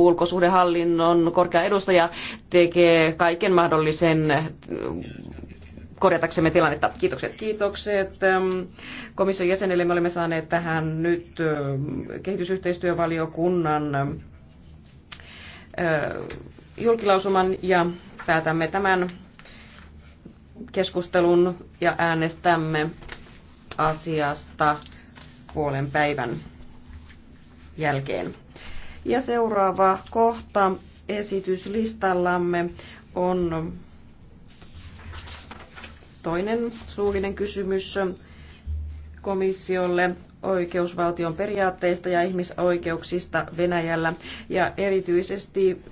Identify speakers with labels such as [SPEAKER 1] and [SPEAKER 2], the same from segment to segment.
[SPEAKER 1] ulkosuhdehallinnon korkea edustaja tekee kaiken mahdollisen korjataksemme tilannetta. Kiitokset, kiitokset. Ähm, komission jäsenelle me olemme saaneet tähän nyt ähm, kehitysyhteistyövaliokunnan äh, julkilausuman ja päätämme tämän keskustelun ja äänestämme asiasta puolen päivän jälkeen. Ja seuraava kohta esityslistallamme on toinen suullinen kysymys komissiolle oikeusvaltion periaatteista ja ihmisoikeuksista Venäjällä. Ja erityisesti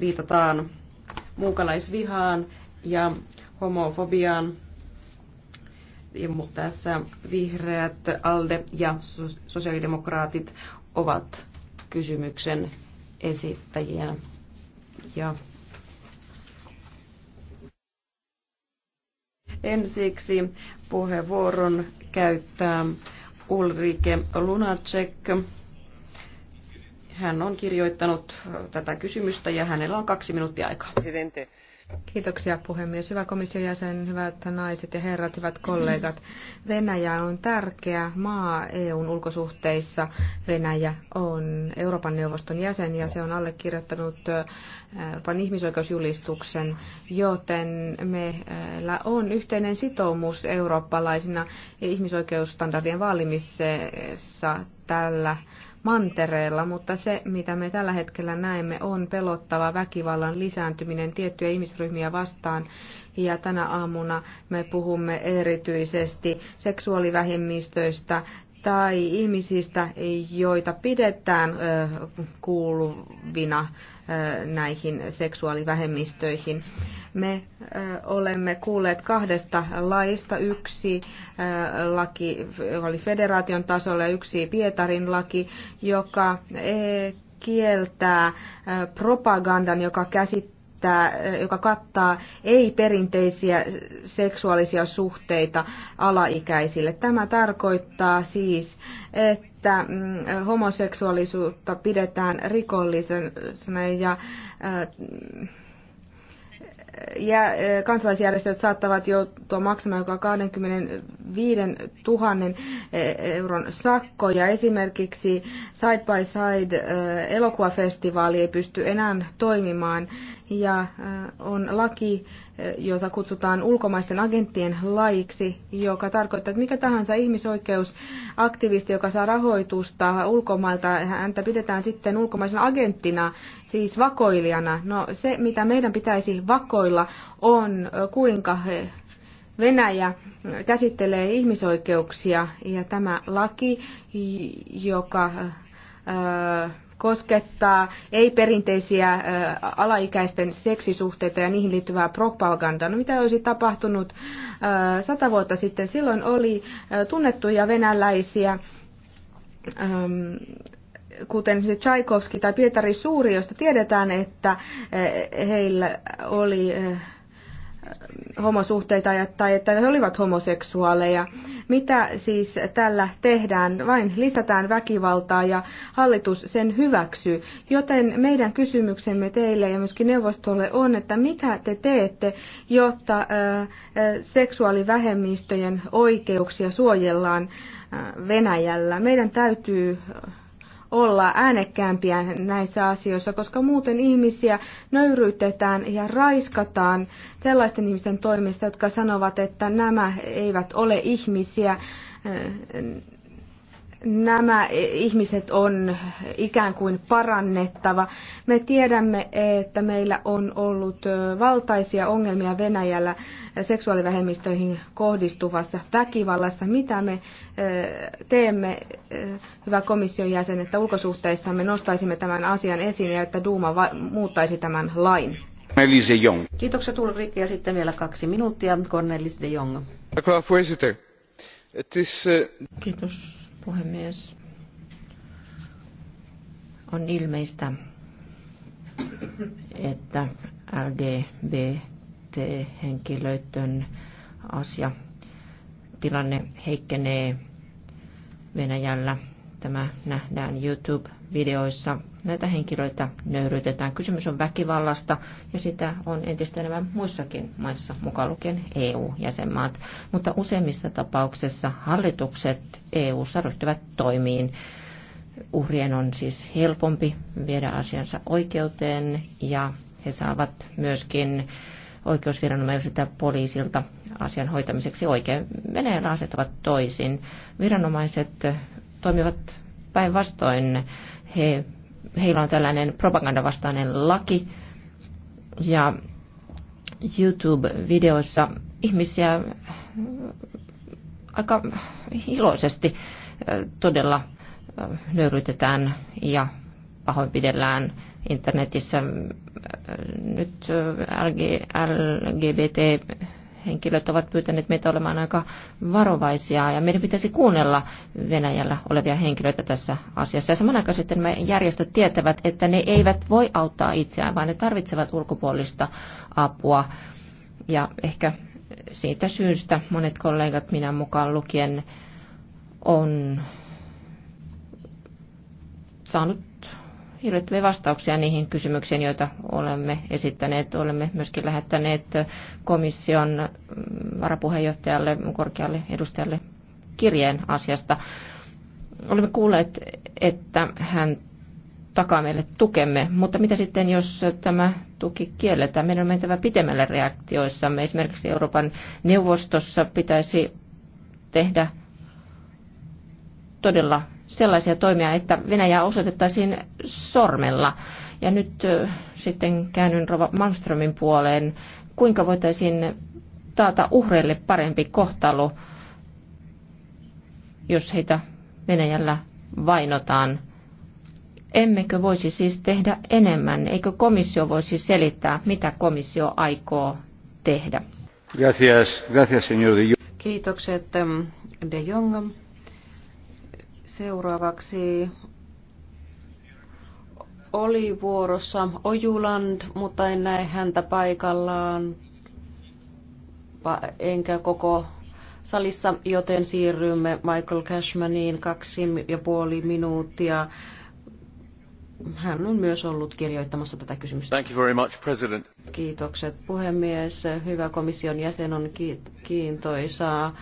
[SPEAKER 1] viitataan muukalaisvihaan ja homofobiaan. Ja tässä vihreät, ALDE ja sosiaalidemokraatit ovat kysymyksen esittäjien. Ja ensiksi puheenvuoron käyttää Ulrike Lunacek. Hän on kirjoittanut tätä kysymystä ja hänellä on kaksi minuuttia aikaa. Presidente.
[SPEAKER 2] Kiitoksia puhemies. Hyvä komission jäsen, hyvät naiset ja herrat, hyvät kollegat. Venäjä on tärkeä maa EUn ulkosuhteissa. Venäjä on Euroopan neuvoston jäsen ja se on allekirjoittanut äh, Euroopan ihmisoikeusjulistuksen, joten meillä on yhteinen sitoumus eurooppalaisina ihmisoikeusstandardien vaalimisessa tällä mantereella, mutta se, mitä me tällä hetkellä näemme, on pelottava väkivallan lisääntyminen tiettyjä ihmisryhmiä vastaan. Ja tänä aamuna me puhumme erityisesti seksuaalivähemmistöistä tai ihmisistä, joita pidetään kuuluvina näihin seksuaalivähemmistöihin. Me olemme kuulleet kahdesta laista. Yksi laki, oli federaation tasolla, ja yksi Pietarin laki, joka e, kieltää propagandan, joka käsittää että, eh, joka kattaa ei-perinteisiä seksuaalisia suhteita alaikäisille. Tämä tarkoittaa siis, että mm, homoseksuaalisuutta pidetään rikollisena ja eh, ja eh, kansalaisjärjestöt saattavat joutua maksamaan joka 25 000 euron sakkoja. Ja esimerkiksi Side by Side elokuvafestivaali ei pysty enää toimimaan ja äh, on laki, äh, jota kutsutaan ulkomaisten agenttien laiksi, joka tarkoittaa, että mikä tahansa ihmisoikeusaktivisti, joka saa rahoitusta ulkomailta, häntä pidetään sitten ulkomaisena agenttina, siis vakoilijana. No se, mitä meidän pitäisi vakoilla, on äh, kuinka he Venäjä käsittelee ihmisoikeuksia ja tämä laki, joka koskettaa ei-perinteisiä alaikäisten seksisuhteita ja niihin liittyvää propagandaa. No mitä olisi tapahtunut sata vuotta sitten? Silloin oli tunnettuja venäläisiä kuten se Tchaikovski tai Pietari Suuri, josta tiedetään, että heillä oli homosuhteita tai että he olivat homoseksuaaleja. Mitä siis tällä tehdään? Vain lisätään väkivaltaa ja hallitus sen hyväksyy. Joten meidän kysymyksemme teille ja myöskin neuvostolle on, että mitä te teette, jotta seksuaalivähemmistöjen oikeuksia suojellaan Venäjällä. Meidän täytyy olla äänekkäämpiä näissä asioissa, koska muuten ihmisiä nöyryytetään ja raiskataan sellaisten ihmisten toimesta, jotka sanovat, että nämä eivät ole ihmisiä, äh, nämä ihmiset on ikään kuin parannettava. Me tiedämme, että meillä on ollut valtaisia ongelmia Venäjällä seksuaalivähemmistöihin kohdistuvassa väkivallassa. Mitä me teemme, hyvä komission jäsen, että ulkosuhteissamme nostaisimme tämän asian esiin ja että Duuma muuttaisi tämän lain?
[SPEAKER 3] Cornelis de Jong.
[SPEAKER 2] Kiitokset Ulrike ja sitten vielä kaksi minuuttia Cornelis de Jong.
[SPEAKER 3] Eh,
[SPEAKER 1] Kiitos Puhemies, on
[SPEAKER 4] ilmeistä, että LGBT-henkilöiden asia tilanne heikkenee Venäjällä. Tämä nähdään YouTube-videoissa näitä henkilöitä nöyryytetään. Kysymys on väkivallasta ja sitä on entistä enemmän muissakin maissa, mukaan lukien EU-jäsenmaat. Mutta useimmissa tapauksissa hallitukset EU-ssa ryhtyvät toimiin. Uhrien on siis helpompi viedä asiansa oikeuteen ja he saavat myöskin oikeusviranomaisilta poliisilta asian hoitamiseksi oikein. Venäjällä aset ovat toisin. Viranomaiset toimivat päinvastoin. He heillä on tällainen propagandavastainen laki ja YouTube-videoissa ihmisiä äh, aika iloisesti äh, todella äh, nöyrytetään ja pahoinpidellään internetissä. Nyt LGBT henkilöt ovat pyytäneet meitä olemaan aika varovaisia ja meidän pitäisi kuunnella Venäjällä olevia henkilöitä tässä asiassa. Ja samanaikaisesti nämä järjestöt tietävät, että ne eivät voi auttaa itseään, vaan ne tarvitsevat ulkopuolista apua. Ja ehkä siitä syystä monet kollegat, minä mukaan lukien, on saanut hirvittäviä vastauksia niihin kysymyksiin, joita olemme esittäneet. Olemme myöskin lähettäneet komission mm, varapuheenjohtajalle, korkealle edustajalle kirjeen asiasta. Olemme kuulleet, että hän takaa meille tukemme, mutta mitä sitten, jos tämä tuki kielletään? Meidän on mentävä pitemmälle reaktioissamme. Esimerkiksi Euroopan neuvostossa pitäisi tehdä todella sellaisia toimia, että Venäjää osoitettaisiin sormella. Ja nyt sitten käännyn Rova Malmströmin puoleen. Kuinka voitaisiin taata uhreille parempi kohtalo, jos heitä Venäjällä vainotaan? Emmekö voisi siis tehdä enemmän? Eikö komissio voisi selittää, mitä komissio aikoo
[SPEAKER 1] tehdä?
[SPEAKER 3] Gracias, gracias, señor de Jong.
[SPEAKER 1] Kiitokset, de Jong. Seuraavaksi oli vuorossa Ojuland, mutta en näe häntä paikallaan, enkä koko salissa, joten siirrymme Michael Cashmaniin kaksi ja puoli minuuttia. Hän on myös ollut kirjoittamassa tätä kysymystä.
[SPEAKER 3] Thank you very much, President.
[SPEAKER 1] Kiitokset puhemies. Hyvä komission jäsen on kiintoisaa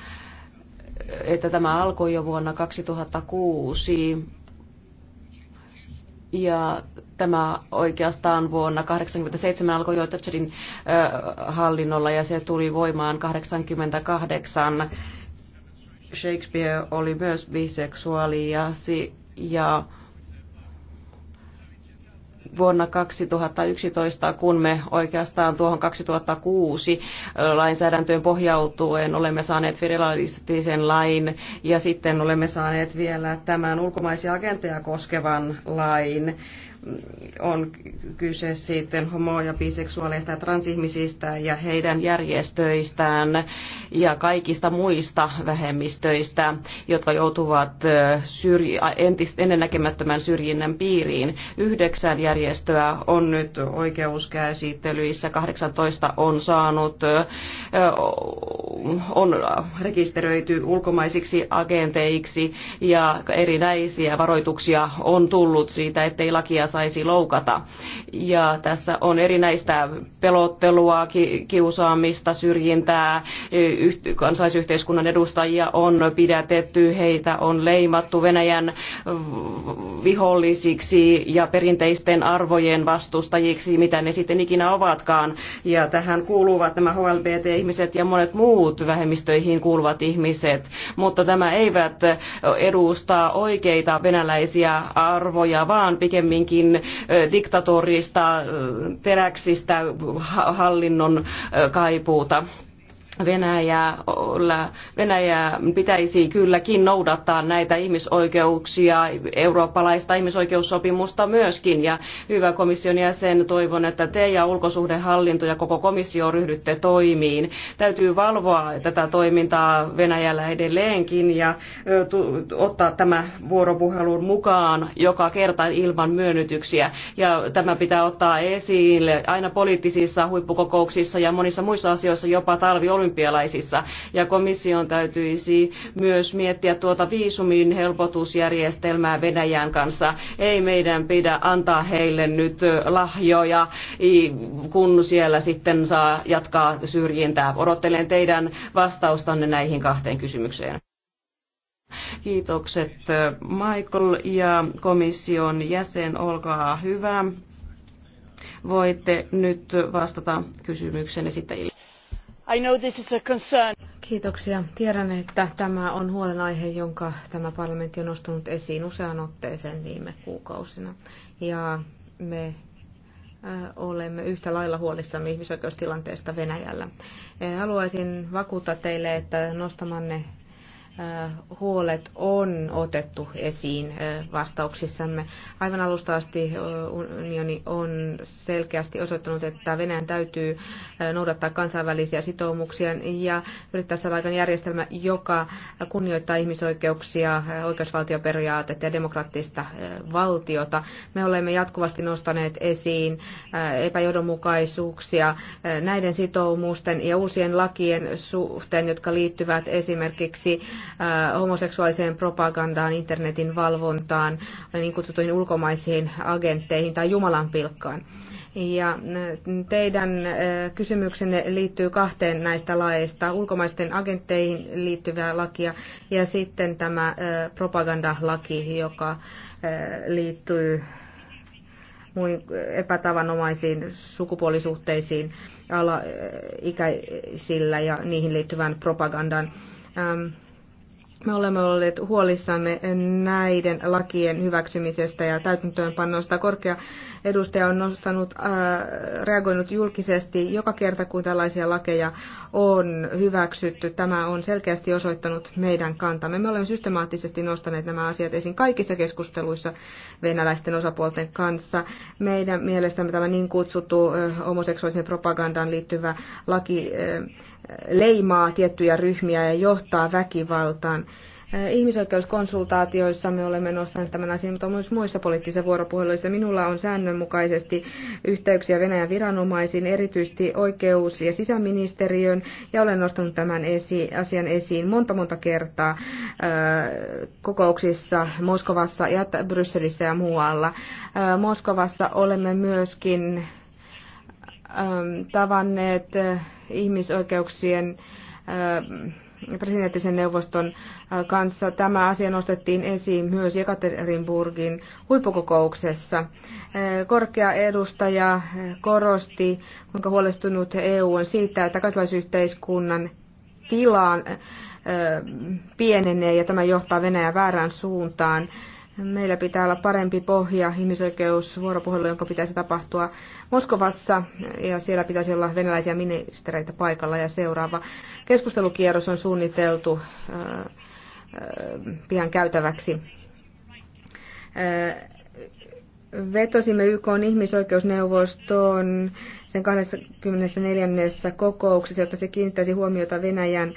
[SPEAKER 1] että tämä alkoi jo vuonna 2006 ja tämä oikeastaan vuonna 1987 alkoi jo Thatcherin hallinnolla ja se tuli voimaan 88. Shakespeare oli myös biseksuaali ja, ja vuonna 2011, kun me oikeastaan tuohon 2006 lainsäädäntöön pohjautuen olemme saaneet federalistisen lain ja sitten olemme saaneet vielä tämän ulkomaisia agentteja koskevan lain on kyse sitten homo- ja biseksuaaleista ja transihmisistä ja heidän järjestöistään ja kaikista muista vähemmistöistä, jotka joutuvat syrji, entis- ennennäkemättömän syrjinnän piiriin. Yhdeksän järjestöä on nyt oikeuskäsittelyissä, 18 on saanut, on rekisteröity ulkomaisiksi agenteiksi ja erinäisiä varoituksia on tullut siitä, ettei lakia saa saisi loukata. Ja tässä on erinäistä pelottelua, kiusaamista, syrjintää, kansaisyhteiskunnan edustajia on pidätetty, heitä on leimattu Venäjän vihollisiksi ja perinteisten arvojen vastustajiksi, mitä ne sitten ikinä ovatkaan. Ja tähän kuuluvat nämä HLBT-ihmiset ja monet muut vähemmistöihin kuuluvat ihmiset, mutta tämä eivät edusta oikeita venäläisiä arvoja, vaan pikemminkin Daeshin diktatorista, teräksistä hallinnon kaipuuta. Venäjällä, Venäjä pitäisi kylläkin noudattaa näitä ihmisoikeuksia, eurooppalaista ihmisoikeussopimusta myöskin. Ja hyvä komission jäsen, toivon, että te ja ulkosuhdehallinto ja koko komissio ryhdytte toimiin. Täytyy valvoa tätä toimintaa Venäjällä edelleenkin ja ottaa tämä vuoropuhelun mukaan joka kerta ilman myönnytyksiä. Ja tämä pitää ottaa esille aina poliittisissa huippukokouksissa ja monissa muissa asioissa jopa talvi olympialaisissa. Ja komission täytyisi myös miettiä tuota viisumin helpotusjärjestelmää Venäjän kanssa. Ei meidän pidä antaa heille nyt lahjoja, kun siellä sitten saa jatkaa syrjintää. Odottelen teidän vastaustanne näihin kahteen kysymykseen. Kiitokset Michael ja komission jäsen, olkaa hyvä. Voitte nyt vastata kysymyksen esittäjille.
[SPEAKER 2] I know this is a concern. Kiitoksia. Tiedän, että tämä on huolenaihe, jonka tämä parlamentti on nostanut esiin useaan otteeseen viime kuukausina. Ja me äh, olemme yhtä lailla huolissamme ihmisoikeustilanteesta Venäjällä. Äh, haluaisin vakuuttaa teille, että nostamanne huolet on otettu esiin vastauksissamme. Aivan alusta asti unioni on selkeästi osoittanut, että Venäjän täytyy noudattaa kansainvälisiä sitoumuksia ja yrittää saada aikaan järjestelmä, joka kunnioittaa ihmisoikeuksia, oikeusvaltioperiaatetta ja demokraattista valtiota. Me olemme jatkuvasti nostaneet esiin epäjohdonmukaisuuksia näiden sitoumusten ja uusien lakien suhteen, jotka liittyvät esimerkiksi Äh, homoseksuaaliseen propagandaan, internetin valvontaan, niin kutsutuihin ulkomaisiin agentteihin tai jumalanpilkkaan. Ja äh, teidän äh, kysymyksenne liittyy kahteen näistä laeista, ulkomaisten agentteihin liittyvää lakia ja sitten tämä propagandalaki, joka liittyy muihin epätavanomaisiin sukupuolisuhteisiin alaikäisillä ja niihin liittyvään propagandaan. Ähm, me olemme olleet huolissamme näiden lakien hyväksymisestä ja täytäntöönpannosta. Korkea edustaja on nostanut, äh, reagoinut julkisesti joka kerta, kun tällaisia lakeja on hyväksytty. Tämä on selkeästi osoittanut meidän kantamme. Me olemme systemaattisesti nostaneet nämä asiat esiin kaikissa keskusteluissa venäläisten osapuolten kanssa. Meidän mielestämme tämä niin kutsuttu äh, homoseksuaalisen propagandan liittyvä laki äh, leimaa tiettyjä ryhmiä ja johtaa väkivaltaan. Ihmisoikeuskonsultaatioissa me olemme nostaneet tämän asian, mutta myös muissa poliittisissa vuoropuheluissa. Minulla on säännönmukaisesti yhteyksiä Venäjän viranomaisiin, erityisesti oikeus- ja sisäministeriön, ja olen nostanut tämän esi- asian esiin monta monta kertaa kokouksissa Moskovassa ja Brysselissä ja muualla. Moskovassa olemme myöskin tavanneet ihmisoikeuksien äh, presidenttisen neuvoston äh, kanssa. Tämä asia nostettiin esiin myös Jekaterinburgin huippukokouksessa. Äh, korkea edustaja korosti, kuinka huolestunut EU on siitä, että kansalaisyhteiskunnan tilaan pienenee ja tämä johtaa Venäjän väärään suuntaan. Meillä pitää olla parempi pohja ihmisoikeusvuoropuhelu, jonka pitäisi tapahtua Moskovassa, ja siellä pitäisi olla venäläisiä ministereitä paikalla, ja seuraava keskustelukierros on suunniteltu äh, äh, pian käytäväksi. Äh, vetosimme YK on ihmisoikeusneuvostoon sen 24. kokouksessa, jotta se kiinnittäisi huomiota Venäjän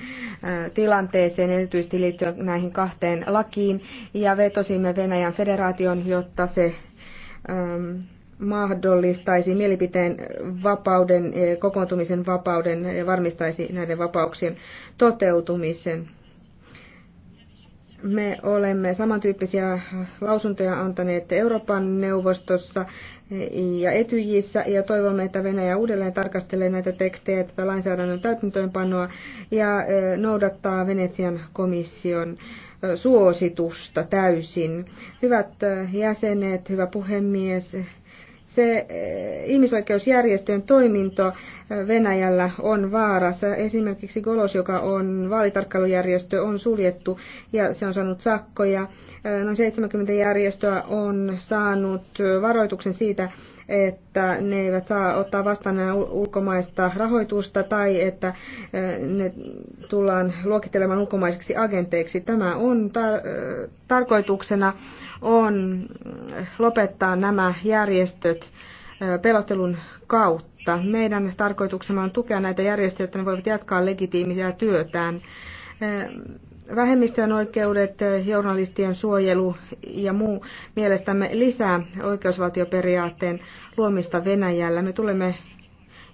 [SPEAKER 2] tilanteeseen, erityisesti liittyen näihin kahteen lakiin. Ja vetosimme Venäjän federaation, jotta se mahdollistaisi mielipiteen vapauden, kokoontumisen vapauden ja varmistaisi näiden vapauksien toteutumisen. Me olemme samantyyppisiä lausuntoja antaneet Euroopan neuvostossa ja Etyjissä ja toivomme, että Venäjä uudelleen tarkastelee näitä tekstejä, tätä lainsäädännön täytäntöönpanoa ja noudattaa Venetsian komission suositusta täysin. Hyvät jäsenet, hyvä puhemies, se eh, ihmisoikeusjärjestön toiminto eh, Venäjällä on vaarassa. Esimerkiksi Golos, joka on vaalitarkkailujärjestö, on suljettu ja se on saanut sakkoja. Eh, noin 70 järjestöä on saanut varoituksen siitä, että ne eivät saa ottaa vastaan ulkomaista rahoitusta tai että ne tullaan luokittelemaan ulkomaiseksi agenteiksi. Tämä on tar- tarkoituksena on lopettaa nämä järjestöt pelottelun kautta. Meidän tarkoituksena on tukea näitä järjestöjä, jotta ne voivat jatkaa legitiimisiä työtään. Vähemmistöjen oikeudet, journalistien suojelu ja muu mielestämme lisää oikeusvaltioperiaatteen luomista Venäjällä. Me tulemme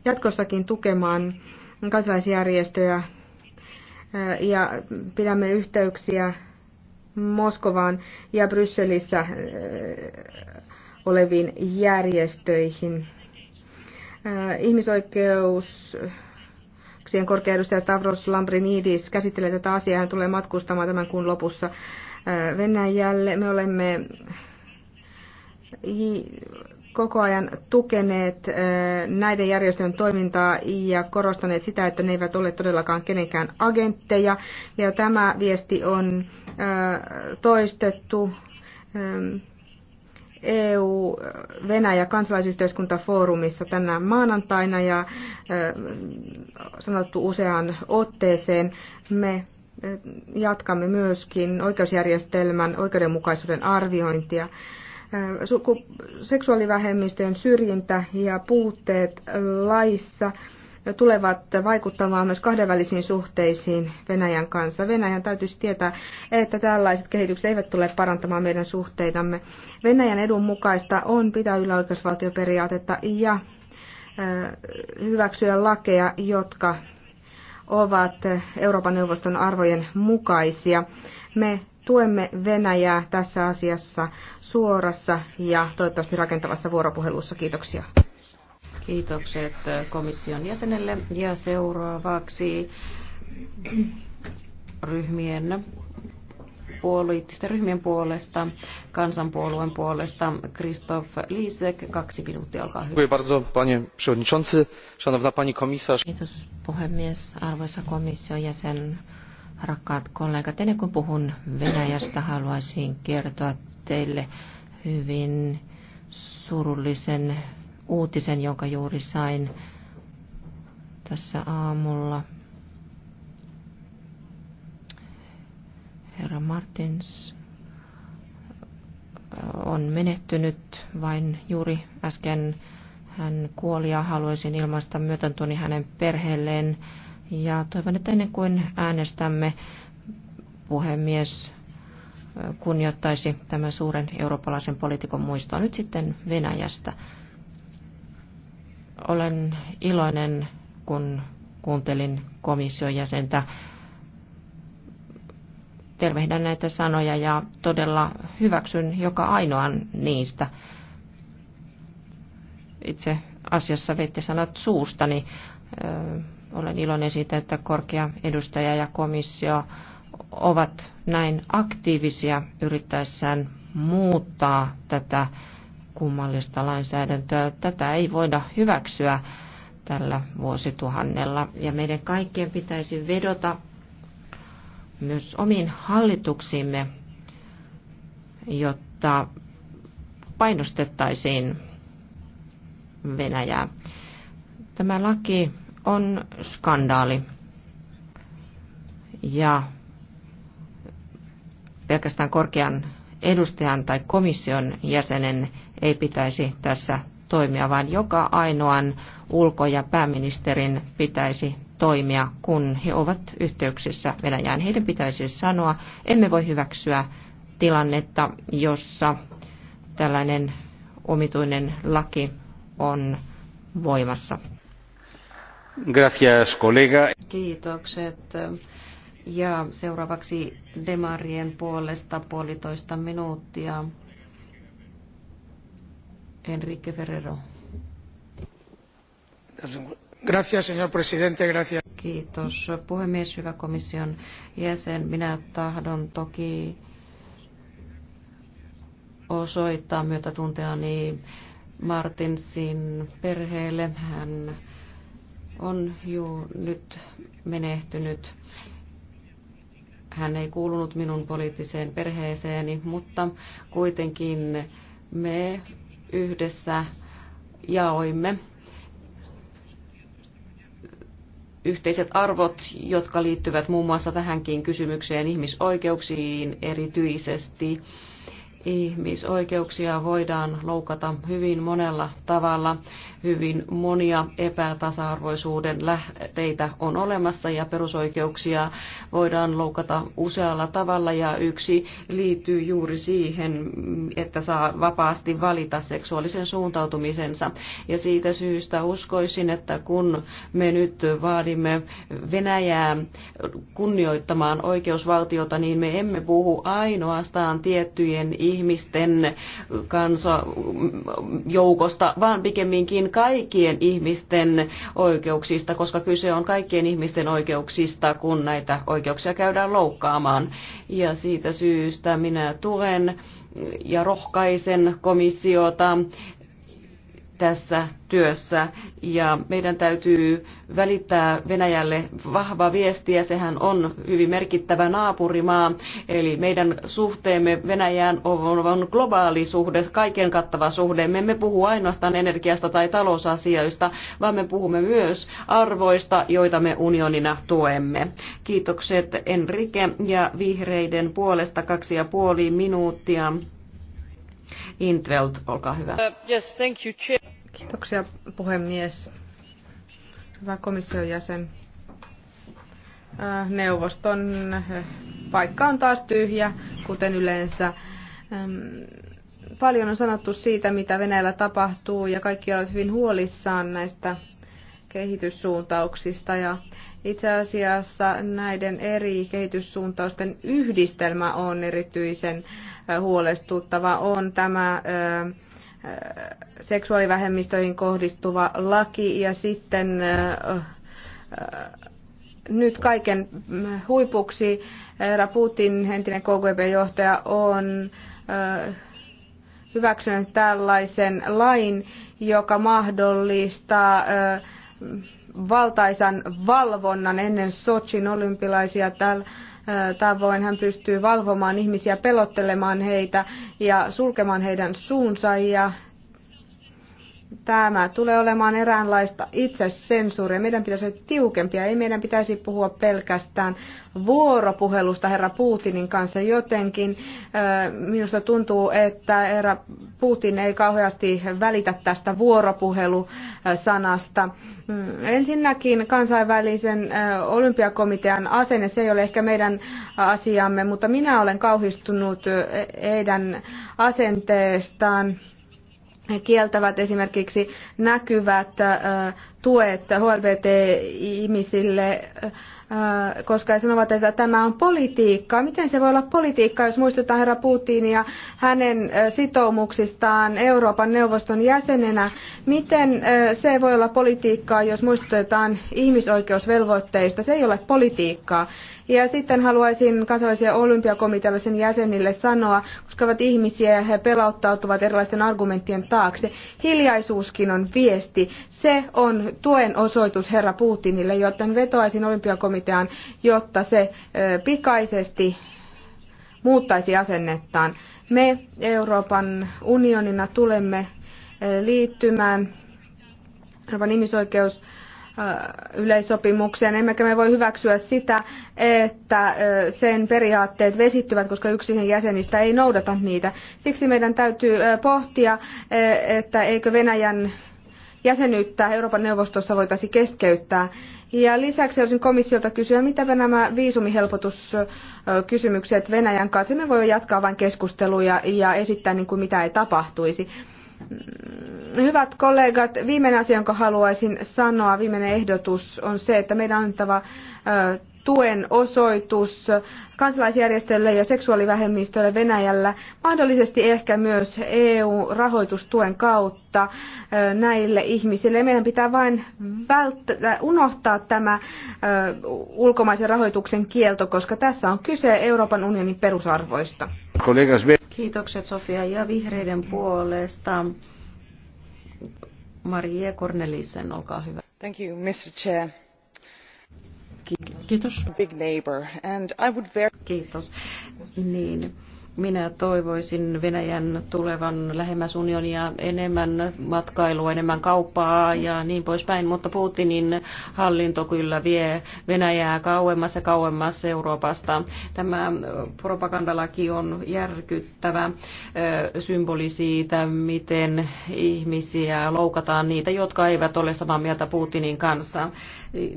[SPEAKER 2] jatkossakin tukemaan kansalaisjärjestöjä ja pidämme yhteyksiä Moskovaan ja Brysselissä äh, oleviin järjestöihin. Äh, Ihmisoikeus Siihen korkea edustaja Stavros Lambrinidis käsittelee tätä asiaa. Hän tulee matkustamaan tämän kuun lopussa äh, Venäjälle. Me olemme koko ajan tukeneet näiden järjestöjen toimintaa ja korostaneet sitä, että ne eivät ole todellakaan kenenkään agentteja. Ja tämä viesti on toistettu EU-Venäjä kansalaisyhteiskuntafoorumissa tänään maanantaina ja sanottu useaan otteeseen. Me jatkamme myöskin oikeusjärjestelmän oikeudenmukaisuuden arviointia suku, seksuaalivähemmistöjen syrjintä ja puutteet laissa tulevat vaikuttamaan myös kahdenvälisiin suhteisiin Venäjän kanssa. Venäjän täytyisi tietää, että tällaiset kehitykset eivät tule parantamaan meidän suhteitamme. Venäjän edun mukaista on pitää yllä oikeusvaltioperiaatetta ja hyväksyä lakeja, jotka ovat Euroopan neuvoston arvojen mukaisia. Me tuemme Venäjää tässä asiassa suorassa ja toivottavasti rakentavassa vuoropuhelussa. Kiitoksia.
[SPEAKER 1] Kiitokset komission jäsenelle. Ja seuraavaksi ryhmien poliittisten ryhmien puolesta, kansanpuolueen puolesta. Kristof Liisek, kaksi
[SPEAKER 3] minuuttia, olkaa hyvä. Kiitos, bardzo, panie przewodniczący, szanowna pani komisarz. Kiitos
[SPEAKER 1] puhemies,
[SPEAKER 4] arvoisa komission jäsen, Rakkaat kollegat, ennen kuin puhun Venäjästä, haluaisin kertoa teille hyvin surullisen uutisen, jonka juuri sain tässä aamulla. Herra Martins on menehtynyt vain juuri äsken. Hän kuoli ja haluaisin ilmaista myötäntoni hänen perheelleen. Ja toivon, että ennen kuin äänestämme, puhemies kunnioittaisi tämän suuren eurooppalaisen poliitikon muistoa. Nyt sitten Venäjästä. Olen iloinen, kun kuuntelin komission jäsentä. Tervehdän näitä sanoja ja todella hyväksyn joka ainoan niistä. Itse asiassa veitte sanat suustani olen iloinen siitä, että korkea edustaja ja komissio ovat näin aktiivisia yrittäessään muuttaa tätä kummallista lainsäädäntöä. Tätä ei voida hyväksyä tällä vuosituhannella. Ja meidän kaikkien pitäisi vedota myös omiin hallituksimme, jotta painostettaisiin Venäjää. Tämä laki on skandaali. Ja pelkästään korkean edustajan tai komission jäsenen ei pitäisi tässä toimia, vaan joka ainoan ulko- ja pääministerin pitäisi toimia, kun he ovat yhteyksissä Venäjään. Heidän pitäisi sanoa, emme voi hyväksyä tilannetta, jossa tällainen omituinen laki on voimassa.
[SPEAKER 3] Gracias, kollega.
[SPEAKER 1] Kiitokset. Ja seuraavaksi Demarien puolesta puolitoista minuuttia. Enrique Ferrero. Gracias, señor presidente. Gracias. Kiitos puhemies, hyvä komission jäsen. Minä tahdon toki osoittaa myötätunteani Martinsin perheelle. Hän on jo nyt menehtynyt. Hän ei kuulunut minun poliittiseen perheeseeni, mutta kuitenkin me yhdessä jaoimme yhteiset arvot, jotka liittyvät muun muassa tähänkin kysymykseen ihmisoikeuksiin erityisesti. Ihmisoikeuksia voidaan loukata hyvin monella tavalla hyvin monia epätasa-arvoisuuden lähteitä on olemassa ja perusoikeuksia voidaan loukata usealla tavalla ja yksi liittyy juuri siihen, että saa vapaasti valita seksuaalisen suuntautumisensa. Ja siitä syystä uskoisin, että kun me nyt vaadimme Venäjää kunnioittamaan oikeusvaltiota, niin me emme puhu ainoastaan tiettyjen ihmisten kansa joukosta, vaan pikemminkin kaikkien ihmisten oikeuksista, koska kyse on kaikkien ihmisten oikeuksista, kun näitä oikeuksia käydään loukkaamaan. Ja siitä syystä minä tuen ja rohkaisen komissiota tässä työssä ja meidän täytyy välittää Venäjälle vahva viesti ja sehän on hyvin merkittävä naapurimaa. Eli meidän suhteemme Venäjään on, on globaali suhde, kaiken kattava suhde. Me emme puhu ainoastaan energiasta tai talousasioista, vaan me puhumme myös arvoista, joita me unionina tuemme. Kiitokset Enrique ja vihreiden puolesta kaksi ja puoli minuuttia. Intveld, olkaa hyvä.
[SPEAKER 2] Uh, Kiitoksia puhemies. Hyvä komission jäsen. Uh, neuvoston uh, paikka on taas tyhjä, kuten yleensä um, paljon on sanottu siitä, mitä Venäjällä tapahtuu ja kaikki ovat hyvin huolissaan näistä kehityssuuntauksista ja itse asiassa näiden eri kehityssuuntausten yhdistelmä on erityisen huolestuttava. On tämä seksuaalivähemmistöihin kohdistuva laki ja sitten nyt kaiken huipuksi Putin, entinen KGB-johtaja on hyväksynyt tällaisen lain, joka mahdollistaa valtaisan valvonnan ennen Sochin olympilaisia. Täällä äh, tavoin hän pystyy valvomaan ihmisiä, pelottelemaan heitä ja sulkemaan heidän suunsa ja Tämä tulee olemaan eräänlaista itsesensuuria. Meidän pitäisi olla tiukempia. Ei meidän pitäisi puhua pelkästään vuoropuhelusta herra Putinin kanssa jotenkin. Minusta tuntuu, että herra Putin ei kauheasti välitä tästä vuoropuhelusanasta. Mm, ensinnäkin kansainvälisen olympiakomitean asenne, se ei ole ehkä meidän asiamme, mutta minä olen kauhistunut heidän asenteestaan he kieltävät esimerkiksi näkyvät äh, tuet HLBT-ihmisille, äh, koska he sanovat, että tämä on politiikkaa. Miten se voi olla politiikkaa, jos muistetaan herra Putinia hänen äh, sitoumuksistaan Euroopan neuvoston jäsenenä? Miten se voi olla politiikkaa, jos muistetaan ihmisoikeusvelvoitteista? Se ei ole politiikkaa. Ja sitten haluaisin kansalaisia olympiakomitealle sen jäsenille sanoa, koska ovat ihmisiä ja he pelauttautuvat erilaisten argumenttien taakse. Hiljaisuuskin on viesti. Se on tuen osoitus herra Putinille, joten vetoaisin olympiakomiteaan, jotta se pikaisesti muuttaisi asennettaan. Me Euroopan unionina tulemme liittymään Euroopan ihmisoikeus yleissopimukseen, niin emmekä me voi hyväksyä sitä, että sen periaatteet vesittyvät, koska yksi jäsenistä ei noudata niitä. Siksi meidän täytyy pohtia, että eikö Venäjän jäsenyyttä Euroopan neuvostossa voitaisiin keskeyttää. Ja lisäksi olisin komissiolta kysyä, mitä nämä viisumihelpotuskysymykset Venäjän kanssa. Me voi jatkaa vain keskusteluja ja esittää niin kuin mitä ei tapahtuisi. Hyvät kollegat, viimeinen asia, jonka haluaisin sanoa, viimeinen ehdotus on se, että meidän on annettava tuen osoitus kansalaisjärjestöille ja seksuaalivähemmistöille Venäjällä, mahdollisesti ehkä myös EU-rahoitustuen kautta näille ihmisille. Meidän pitää vain unohtaa tämä ulkomaisen rahoituksen kielto, koska tässä on kyse Euroopan unionin perusarvoista. Kiitokset Sofia ja vihreiden puolesta.
[SPEAKER 1] Marie Cornelissen, olkaa hyvä. Thank you, Mr. Chair. Kiitos. Big neighbor. And I would very... Kiitos. Niin minä toivoisin Venäjän tulevan lähemmäs unionia enemmän matkailua, enemmän kauppaa ja niin poispäin, mutta Putinin hallinto kyllä vie Venäjää kauemmas ja kauemmas Euroopasta. Tämä propagandalaki on järkyttävä symboli siitä, miten ihmisiä loukataan niitä, jotka eivät ole samaa mieltä Putinin kanssa.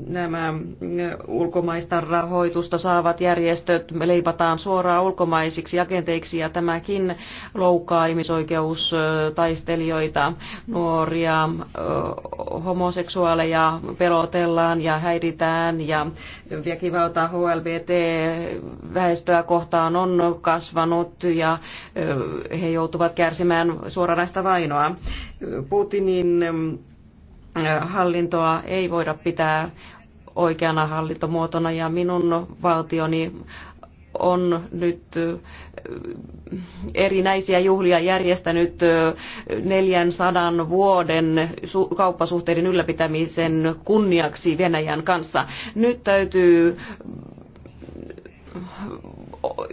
[SPEAKER 1] Nämä ulkomaista rahoitusta saavat järjestöt leipataan suoraan ulkomaisiksi agenteiksi toimenpiteiksi ja tämäkin loukkaa ihmisoikeustaistelijoita. Nuoria homoseksuaaleja pelotellaan ja häiritään ja väkivalta HLBT-väestöä kohtaan on kasvanut ja he joutuvat kärsimään suoranaista vainoa. Putinin hallintoa ei voida pitää oikeana hallintomuotona ja minun valtioni on nyt eh, erinäisiä juhlia järjestänyt eh, 400 vuoden kauppasuhteiden ylläpitämisen kunniaksi Venäjän kanssa. Nyt täytyy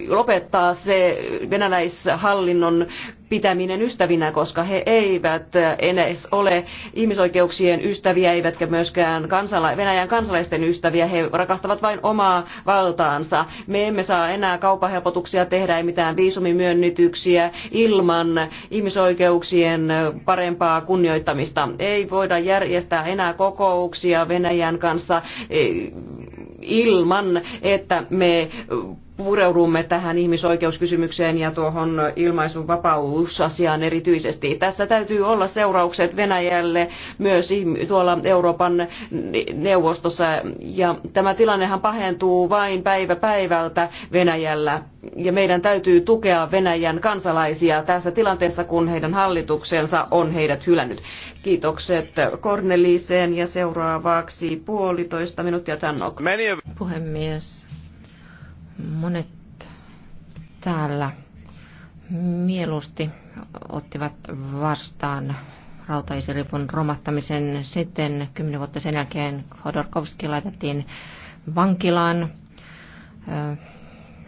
[SPEAKER 1] lopettaa se venäläishallinnon pitäminen ystävinä, koska he eivät edes ole ihmisoikeuksien ystäviä, eivätkä myöskään kansala- Venäjän kansalaisten ystäviä. He rakastavat vain omaa valtaansa. Me emme saa enää kaupahelpotuksia tehdä, ei mitään viisumimyönnytyksiä ilman ihmisoikeuksien parempaa kunnioittamista. Ei voida järjestää enää kokouksia Venäjän kanssa eh, ilman, että me pureudumme tähän ihmisoikeuskysymykseen ja tuohon ilmaisun vapausasiaan erityisesti. Tässä täytyy olla seuraukset Venäjälle myös tuolla Euroopan neuvostossa ja tämä tilannehan pahentuu vain päivä päivältä Venäjällä ja meidän täytyy tukea Venäjän kansalaisia tässä tilanteessa, kun heidän hallituksensa on heidät hylännyt. Kiitokset Korneliseen ja seuraavaksi puolitoista minuuttia Tannok.
[SPEAKER 4] Puhemies Monet täällä mieluusti ottivat vastaan rautaisiripun romahtamisen. Sitten kymmenen vuotta sen jälkeen Khodorkovski laitettiin vankilaan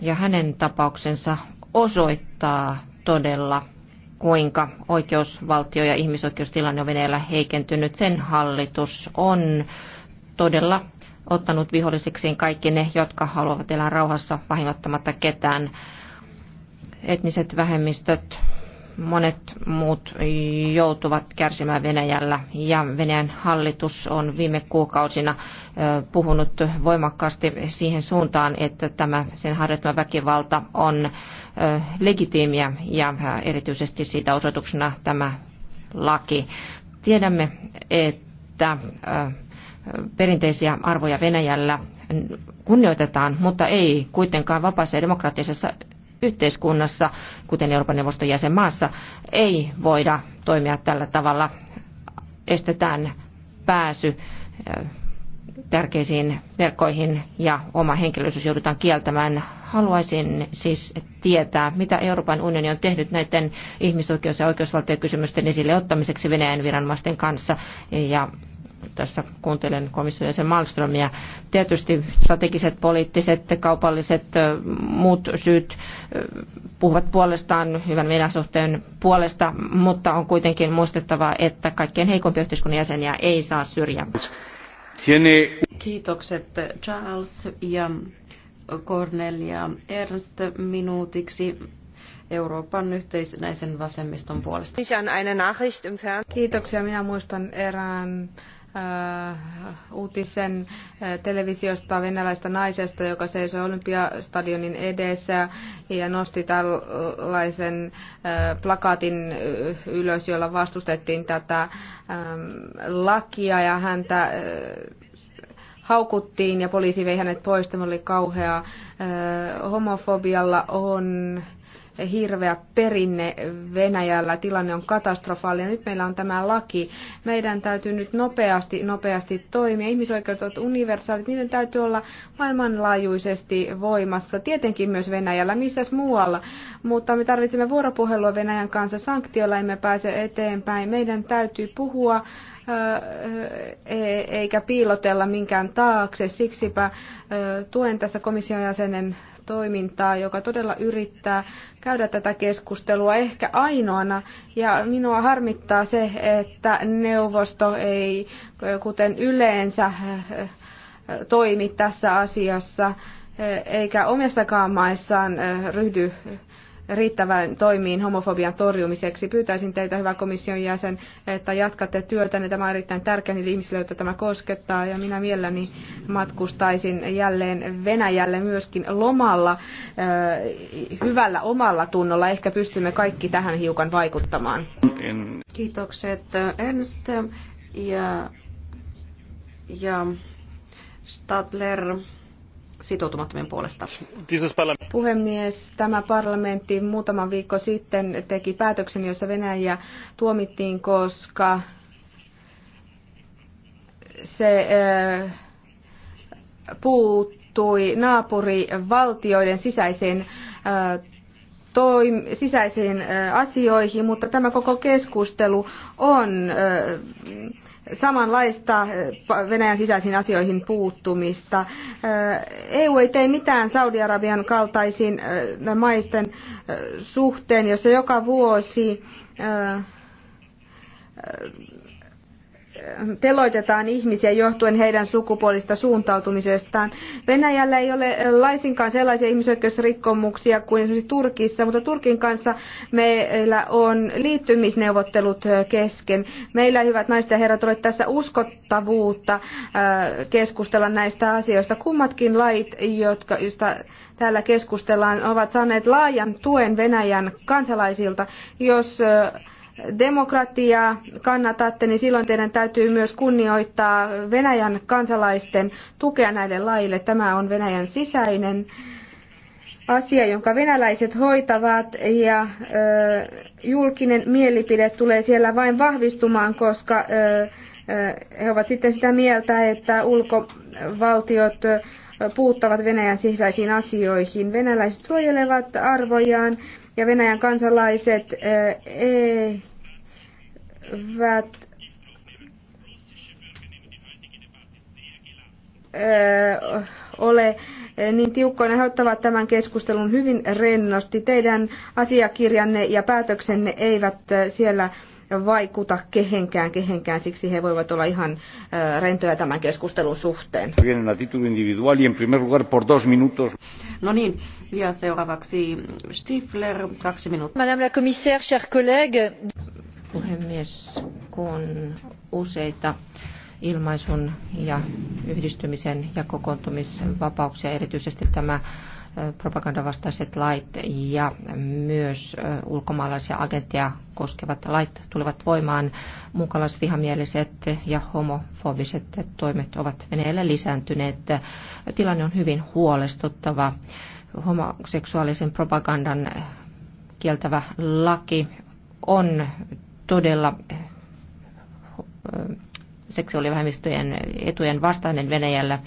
[SPEAKER 4] ja hänen tapauksensa osoittaa todella, kuinka oikeusvaltio ja ihmisoikeustilanne on Venäjällä heikentynyt. Sen hallitus on todella ottanut viholliseksiin kaikki ne, jotka haluavat elää rauhassa vahingottamatta ketään. Etniset vähemmistöt, monet muut joutuvat kärsimään Venäjällä ja Venäjän hallitus on viime kuukausina puhunut voimakkaasti siihen suuntaan, että tämä sen harjoittama väkivalta on legitiimiä ja erityisesti siitä osoituksena tämä laki. Tiedämme, että perinteisiä arvoja Venäjällä kunnioitetaan, mutta ei kuitenkaan vapaassa ja demokraattisessa yhteiskunnassa, kuten Euroopan neuvoston jäsenmaassa, ei voida toimia tällä tavalla. Estetään pääsy tärkeisiin verkkoihin ja oma henkilöllisyys joudutaan kieltämään. Haluaisin siis tietää, mitä Euroopan unioni on tehnyt näiden ihmisoikeus- ja oikeusvaltiokysymysten esille ottamiseksi Venäjän viranomaisten kanssa ja tässä kuuntelen komission jäsen Malmströmiä. Tietysti strategiset, poliittiset, kaupalliset, muut syyt puhuvat puolestaan, hyvän suhteen puolesta, mutta on kuitenkin muistettava, että kaikkien heikompia yhteiskunnan jäseniä ei saa syrjää.
[SPEAKER 1] Kiitokset Charles ja Cornelia Ernst minuutiksi. Euroopan yhteisnäisen vasemmiston puolesta.
[SPEAKER 2] Kiitoksia. Minä muistan erään Äh, uutisen äh, televisiosta venäläistä naisesta, joka seisoi Olympiastadionin edessä ja nosti tällaisen äh, plakaatin ylös, jolla vastustettiin tätä ähm, lakia ja häntä haukuttiin ja poliisi vei hänet pois. Tämä oli kauheaa. Homofobialla on hirveä perinne Venäjällä. Tilanne on katastrofaalinen. Nyt meillä on tämä laki. Meidän täytyy nyt nopeasti, nopeasti toimia. Ihmisoikeudet ovat universaalit. Niiden täytyy olla maailmanlaajuisesti voimassa. Tietenkin myös Venäjällä, missäs muualla. Mutta me tarvitsemme vuoropuhelua Venäjän kanssa. Sanktioilla emme pääse eteenpäin. Meidän täytyy puhua e- eikä piilotella minkään taakse. Siksipä tuen tässä komission jäsenen toimintaa, joka todella yrittää käydä tätä keskustelua ehkä ainoana. Ja minua harmittaa se, että neuvosto ei, kuten yleensä, toimi tässä asiassa, eikä omissakaan maissaan eh, ryhdy riittävän toimiin homofobian torjumiseksi. Pyytäisin teitä, hyvä komission jäsen, että jatkatte työtä Tämä on erittäin tärkeä niille ihmisille, joita tämä koskettaa. Ja minä mielelläni matkustaisin jälleen Venäjälle myöskin lomalla, äh, hyvällä omalla tunnolla. Ehkä pystymme kaikki tähän hiukan vaikuttamaan. Kiitokset äh, Ernst ja, ja Stadler
[SPEAKER 1] sitoutumattomien puolesta.
[SPEAKER 2] Puhemies, tämä parlamentti muutama viikko sitten teki päätöksen, jossa Venäjä tuomittiin, koska se eh, puuttui naapurivaltioiden sisäiseen eh, toim- sisäisiin eh, asioihin, mutta tämä koko keskustelu on samanlaista eh, Venäjän sisäisiin asioihin puuttumista. EU eh, e ei tee mitään Saudi-Arabian kaltaisiin eh, maisten suhteen, jossa joka vuosi teloitetaan ihmisiä johtuen heidän sukupuolista suuntautumisestaan. Venäjällä ei ole laisinkaan sellaisia ihmisoikeusrikkomuksia kuin esimerkiksi Turkissa, mutta Turkin kanssa meillä on liittymisneuvottelut kesken. Meillä, hyvät naiset ja herrat, ole tässä uskottavuutta äh, keskustella näistä asioista. Kummatkin lait, jotka, joista täällä keskustellaan, ovat saaneet laajan tuen Venäjän kansalaisilta. Jos äh, demokratiaa kannatatte, niin silloin teidän täytyy myös kunnioittaa Venäjän kansalaisten tukea näille laille. Tämä on Venäjän sisäinen asia, jonka venäläiset hoitavat ja julkinen mielipide tulee siellä vain vahvistumaan, koska he ovat sitten sitä mieltä, että ulkovaltiot puuttavat Venäjän sisäisiin asioihin. Venäläiset suojelevat arvojaan ja Venäjän kansalaiset ei ovat ole niin tiukkoina. He ottavat tämän keskustelun hyvin rennosti. Teidän asiakirjanne ja päätöksenne eivät siellä vaikuta kehenkään, kehenkään. Siksi he voivat olla ihan rentoja tämän keskustelun suhteen. No niin, ja seuraavaksi Stifler,
[SPEAKER 1] kaksi minuuttia. Madame
[SPEAKER 4] la commissaire, chers collègues puhemies, kun useita ilmaisun ja yhdistymisen ja kokoontumisvapauksia, erityisesti tämä propagandavastaiset lait ja myös ulkomaalaisia agentteja koskevat lait tulevat voimaan. Mukalaisvihamieliset ja homofobiset toimet ovat Venäjällä lisääntyneet. Tilanne on hyvin huolestuttava. Homoseksuaalisen propagandan kieltävä laki on todella seksuaalivähemmistöjen etujen vastainen Venäjällä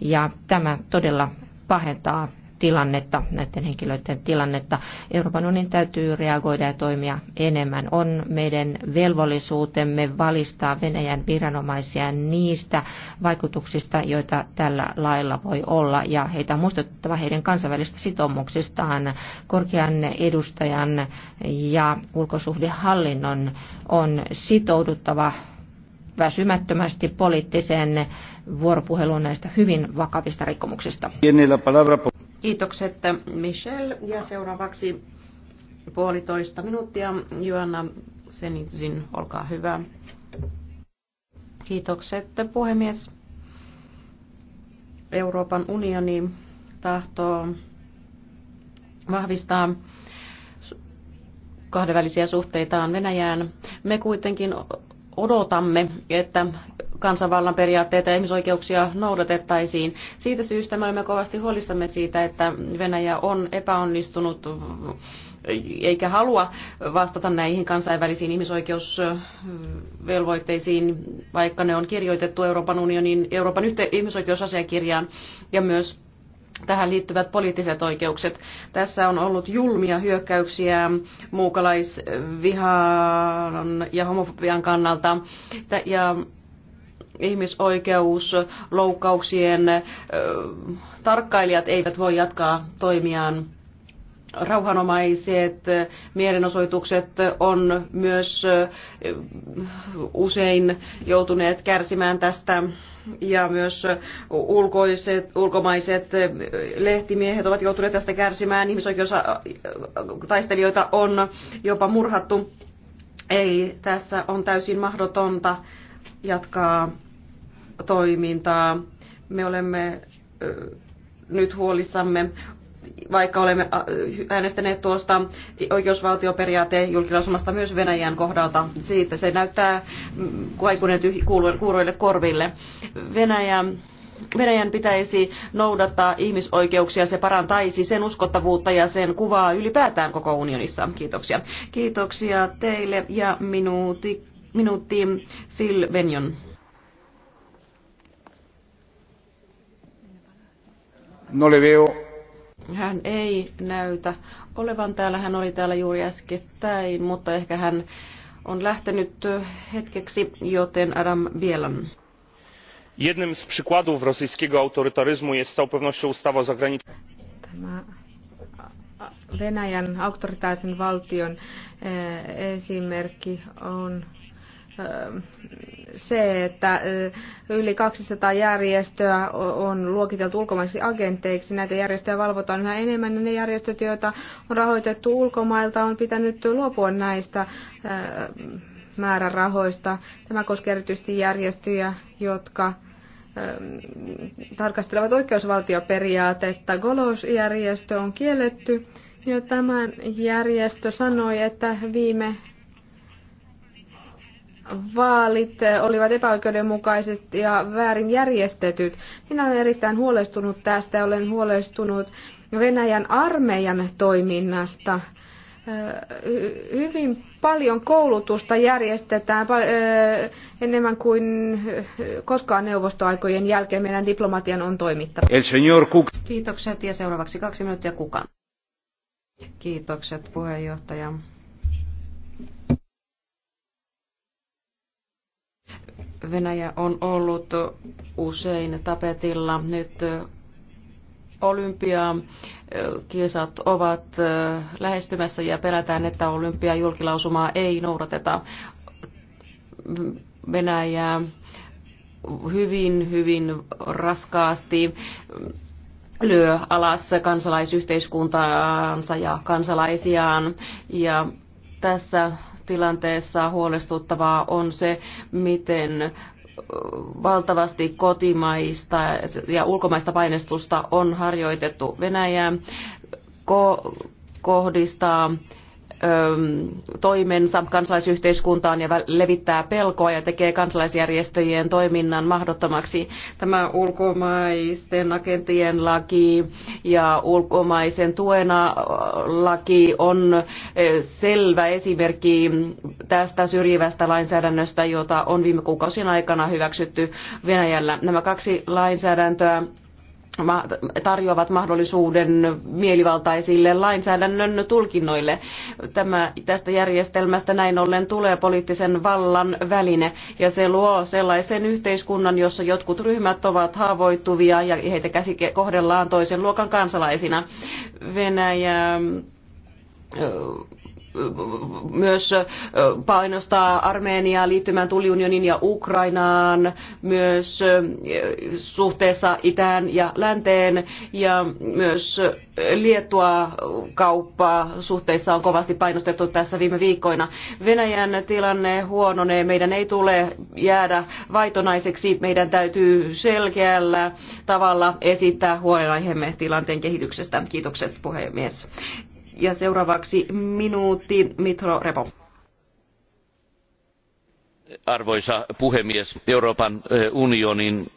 [SPEAKER 4] ja tämä todella pahentaa tilannetta, näiden henkilöiden tilannetta. Euroopan unionin täytyy reagoida ja toimia enemmän. On meidän velvollisuutemme valistaa Venäjän viranomaisia niistä vaikutuksista, joita tällä lailla voi olla, ja heitä on muistuttava heidän kansainvälistä sitoumuksistaan. Korkean edustajan ja ulkosuhdehallinnon on sitouduttava väsymättömästi poliittiseen vuoropuheluun näistä hyvin vakavista
[SPEAKER 3] rikkomuksista.
[SPEAKER 1] Kiitokset Michelle. Ja seuraavaksi puolitoista minuuttia Joanna Senitsin, olkaa hyvä. Kiitokset puhemies. Euroopan unioni tahtoo vahvistaa kahdenvälisiä suhteitaan Venäjään. Me kuitenkin odotamme, että kansanvallan periaatteita ja ihmisoikeuksia noudatettaisiin. Siitä syystä me olemme kovasti huolissamme siitä, että Venäjä on epäonnistunut eikä halua vastata näihin kansainvälisiin ihmisoikeusvelvoitteisiin, vaikka ne on kirjoitettu Euroopan unionin Euroopan ihmisoikeusasiakirjaan ja myös tähän liittyvät poliittiset oikeukset. Tässä on ollut julmia hyökkäyksiä muukalaisvihan ja homofobian kannalta ja ihmisoikeusloukkauksien tarkkailijat eivät voi jatkaa toimiaan. Rauhanomaiset mielenosoitukset on myös usein joutuneet kärsimään tästä ja myös ulkoiset, ulkomaiset lehtimiehet ovat joutuneet tästä kärsimään. Ihmisoikeustaistelijoita on jopa murhattu. Ei, tässä on täysin mahdotonta jatkaa toimintaa. Me olemme nyt huolissamme vaikka olemme äänestäneet tuosta oikeusvaltioperiaate julkilausumasta myös Venäjän kohdalta. Siitä se näyttää kaikuneet mm, kuuroille korville. Venäjä Venäjän pitäisi noudattaa ihmisoikeuksia, se parantaisi sen uskottavuutta ja sen kuvaa ylipäätään koko unionissa. Kiitoksia. Kiitoksia teille ja minuutti, minuutti Phil Venjon. No le veo. Hän ei näytä olevan täällä. Hän oli täällä juuri äskettäin, mutta ehkä hän on lähtenyt hetkeksi,
[SPEAKER 2] joten Adam Bielan.
[SPEAKER 3] Jednym z przykładów rosyjskiego autorytaryzmu jest z całą pewnością ustawa zagraniczna.
[SPEAKER 2] Tämä Venäjän autoritaisen valtion e, esimerkki on e, se, että yli 200 järjestöä on luokiteltu ulkomaisiksi agenteiksi. Näitä järjestöjä valvotaan yhä enemmän ja ne järjestöt, joita on rahoitettu ulkomailta, on pitänyt luopua näistä määrärahoista. Tämä koskee erityisesti järjestöjä, jotka tarkastelevat oikeusvaltioperiaatetta. Golos-järjestö on kielletty ja tämä järjestö sanoi, että viime vaalit eh, olivat epäoikeudenmukaiset ja väärin järjestetyt. Minä olen erittäin huolestunut tästä ja olen huolestunut Venäjän armeijan toiminnasta. Eh, hyvin paljon koulutusta järjestetään eh, enemmän kuin koskaan neuvostoaikojen jälkeen meidän diplomatian on toimittava.
[SPEAKER 3] El señor
[SPEAKER 2] Kiitokset ja seuraavaksi kaksi minuuttia kukaan. Kiitokset
[SPEAKER 1] puheenjohtaja. Venäjä on ollut usein tapetilla. Nyt olympiakisat ovat lähestymässä ja pelätään, että olympiajulkilausumaa ei noudateta. Venäjää hyvin, hyvin raskaasti lyö alas kansalaisyhteiskuntaansa ja kansalaisiaan. Ja tässä tilanteessa huolestuttavaa on se, miten valtavasti kotimaista ja ulkomaista painostusta on harjoitettu Venäjään kohdistaa toimensa kansalaisyhteiskuntaan ja levittää pelkoa ja tekee kansalaisjärjestöjen toiminnan mahdottomaksi. Tämä ulkomaisten agenttien laki ja ulkomaisen tuena laki on selvä esimerkki tästä syrjivästä lainsäädännöstä, jota on viime kuukausien aikana hyväksytty Venäjällä. Nämä kaksi lainsäädäntöä tarjoavat mahdollisuuden mielivaltaisille lainsäädännön tulkinnoille. Tämä, tästä järjestelmästä näin ollen tulee poliittisen vallan väline ja se luo sellaisen yhteiskunnan, jossa jotkut ryhmät ovat haavoittuvia ja heitä käsi kohdellaan toisen luokan kansalaisina. Venäjä myös painostaa Armeniaa liittymään tulliunioniin ja Ukrainaan myös suhteessa itään ja länteen ja myös Liettua kauppaa suhteissa on kovasti painostettu tässä viime viikkoina. Venäjän tilanne huononee, meidän ei tule jäädä vaitonaiseksi, meidän täytyy selkeällä tavalla esittää huolenaiheemme tilanteen kehityksestä. Kiitokset puhemies. Ja seuraavaksi minuutti Mitro Repo
[SPEAKER 3] arvoisa puhemies euroopan eh, unionin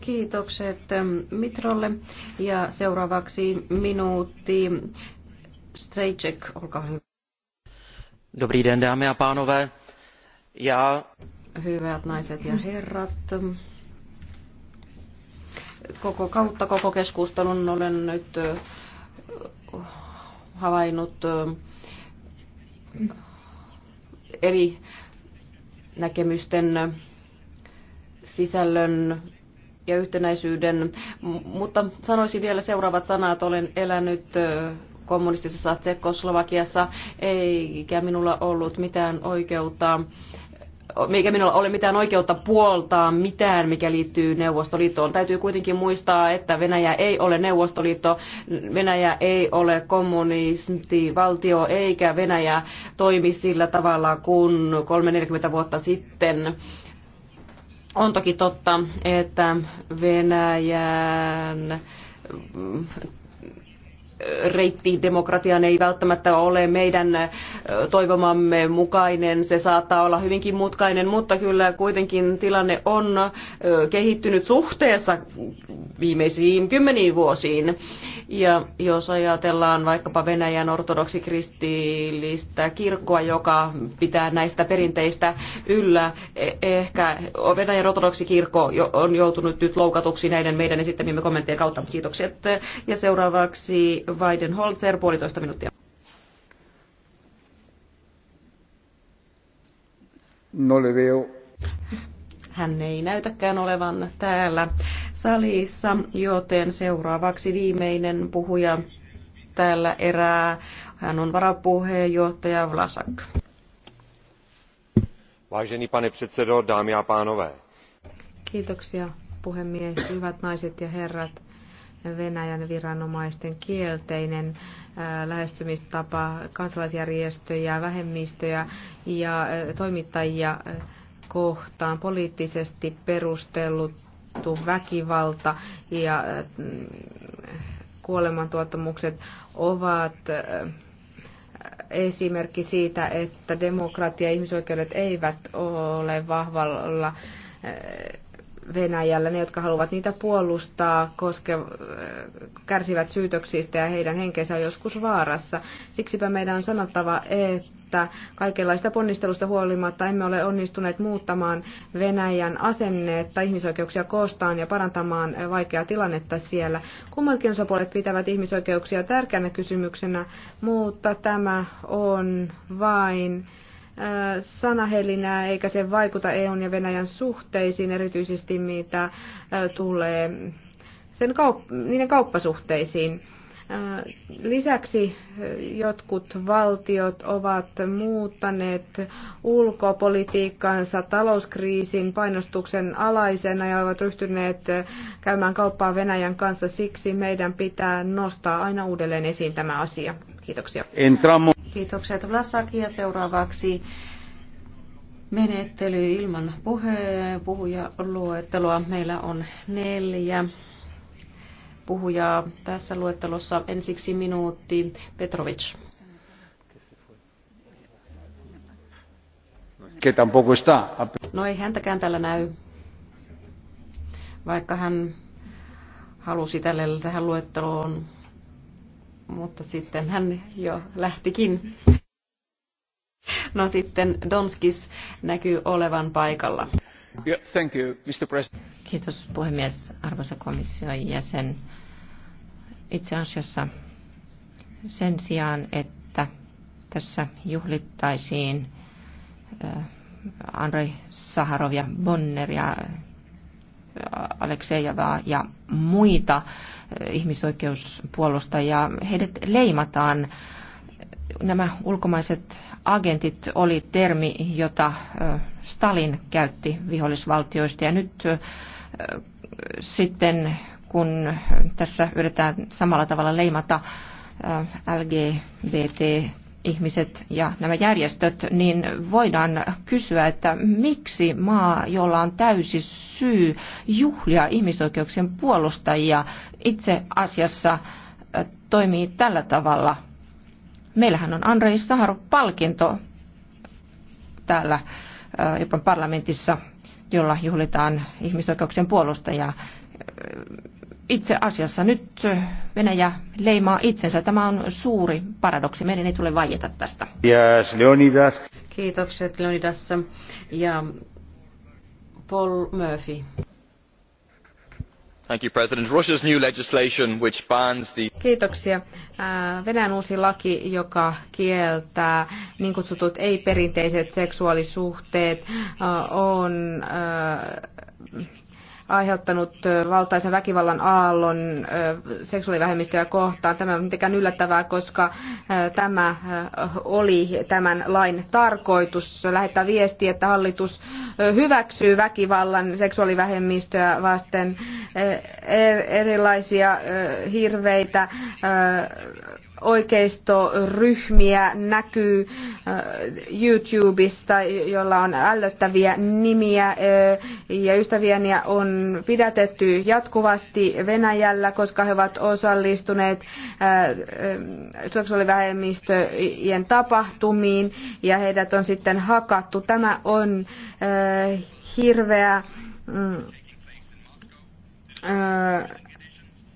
[SPEAKER 1] Kiitokset ähm, Mitrolle ja seuraavaksi minuutti Strejček, olkaa hyvä. Dobrý den, dámy a pánové. Já... Hyvät naiset ja herrat, koko kautta koko keskustelun olen nyt äh, havainnut äh, eri näkemysten sisällön ja yhtenäisyyden. Mutta sanoisin vielä seuraavat sanat. Olen elänyt kommunistisessa Tsekoslovakiassa, eikä minulla ollut mitään oikeutta mikä minulla ole mitään oikeutta puoltaa mitään, mikä liittyy Neuvostoliittoon. Täytyy kuitenkin muistaa, että Venäjä ei ole Neuvostoliitto, Venäjä ei ole kommunistivaltio, eikä Venäjä toimi sillä tavalla kuin 3-40 vuotta sitten on toki totta, että Venäjän reitti demokratiaan ei välttämättä ole meidän toivomamme mukainen. Se saattaa olla hyvinkin mutkainen, mutta kyllä kuitenkin tilanne on kehittynyt suhteessa viimeisiin kymmeniin vuosiin. Ja jos ajatellaan vaikkapa Venäjän ortodoksikristillistä kirkkoa, joka pitää näistä perinteistä yllä, e, ehkä Venäjän ortodoksikirkko on joutunut nyt loukatuksi näiden meidän esittämiemme kommenttien kautta. Kiitokset. Ja seuraavaksi Weidenholzer, puolitoista minuuttia.
[SPEAKER 3] No niin,
[SPEAKER 1] Hän ei näytäkään olevan täällä salissa, joten seuraavaksi viimeinen puhuja täällä erää. Hän on
[SPEAKER 2] varapuheenjohtaja Vlasak.
[SPEAKER 3] Vážený pane předsedo, dámy a pánové.
[SPEAKER 2] Kiitoksia puhemies, hyvät naiset ja herrat Venäjän viranomaisten kielteinen lähestymistapa kansalaisjärjestöjä, vähemmistöjä ja toimittajia kohtaan, poliittisesti perustellut väkivalta ja kuolemantuottamukset ovat esimerkki siitä, että demokratia ja ihmisoikeudet eivät ole vahvalla Venäjällä. Ne, jotka haluavat niitä puolustaa, koske, äh, kärsivät syytöksistä ja heidän henkensä on joskus vaarassa. Siksipä meidän on sanottava, että kaikenlaista ponnistelusta huolimatta emme ole onnistuneet muuttamaan Venäjän asennetta ihmisoikeuksia koostaan ja parantamaan äh, vaikeaa tilannetta siellä. Kummatkin osapuolet pitävät ihmisoikeuksia tärkeänä kysymyksenä, mutta tämä on vain sanahelinää eikä se vaikuta EUn ja Venäjän suhteisiin, erityisesti mitä tulee sen kaup- niiden kauppasuhteisiin. Lisäksi jotkut valtiot ovat muuttaneet ulkopolitiikkaansa talouskriisin painostuksen alaisena ja ovat ryhtyneet käymään kauppaa Venäjän kanssa. Siksi meidän pitää nostaa aina uudelleen esiin tämä asia. Kiitoksia. Entramo. Kiitokset Vlasaki ja seuraavaksi menettely ilman
[SPEAKER 1] puhe, puhujaluetteloa. Meillä on neljä puhujaa tässä luettelossa. Ensiksi minuutti Petrovic. No ei häntäkään tällä näy, vaikka hän halusi tälle, tähän luetteloon, mutta sitten hän jo lähtikin. No sitten Donskis näkyy olevan paikalla.
[SPEAKER 4] Yeah, thank you, Mr. President.
[SPEAKER 1] Kiitos puhemies, arvoisa komission jäsen.
[SPEAKER 4] Itse asiassa sen sijaan, että tässä juhlittaisiin Andrei Saharov ja Bonner ja Aleksejava ja muita ihmisoikeuspuolustajia, heidät leimataan. Nämä ulkomaiset agentit oli termi, jota Stalin käytti vihollisvaltioista ja nyt sitten kun tässä yritetään samalla tavalla leimata LGBT ihmiset ja nämä järjestöt, niin voidaan kysyä, että miksi maa, jolla on täysi syy juhlia ihmisoikeuksien puolustajia, itse asiassa toimii tällä tavalla. Meillähän on Andrei Saharov-palkinto täällä Euroopan parlamentissa, jolla juhlitaan ihmisoikeuksien puolustajia itse asiassa nyt Venäjä leimaa itsensä. Tämä on suuri paradoksi. Meidän ei tule vaieta
[SPEAKER 1] tästä.
[SPEAKER 3] Yes, Leonidas.
[SPEAKER 1] Kiitokset Leonidas ja
[SPEAKER 2] Paul Murphy.
[SPEAKER 3] Thank you, president Russia's new legislation which bans the
[SPEAKER 2] Kiitoksia. Venäjän uusi laki, joka kieltää niin kutsutut ei-perinteiset seksuaalisuhteet, on aiheuttanut valtaisen väkivallan aallon seksuaalivähemmistöjä kohtaan. Tämä on mitenkään yllättävää, koska tämä oli tämän lain tarkoitus lähettää viesti, että hallitus hyväksyy väkivallan seksuaalivähemmistöä vasten e-, erilaisia hirveitä oikeistoryhmiä näkyy äh, YouTubesta, jolla on ällöttäviä nimiä äh, ja ystäviäni on pidätetty jatkuvasti Venäjällä, koska he ovat osallistuneet äh, seksuaalivähemmistöjen tapahtumiin ja heidät on sitten hakattu. Tämä on hirveä mm,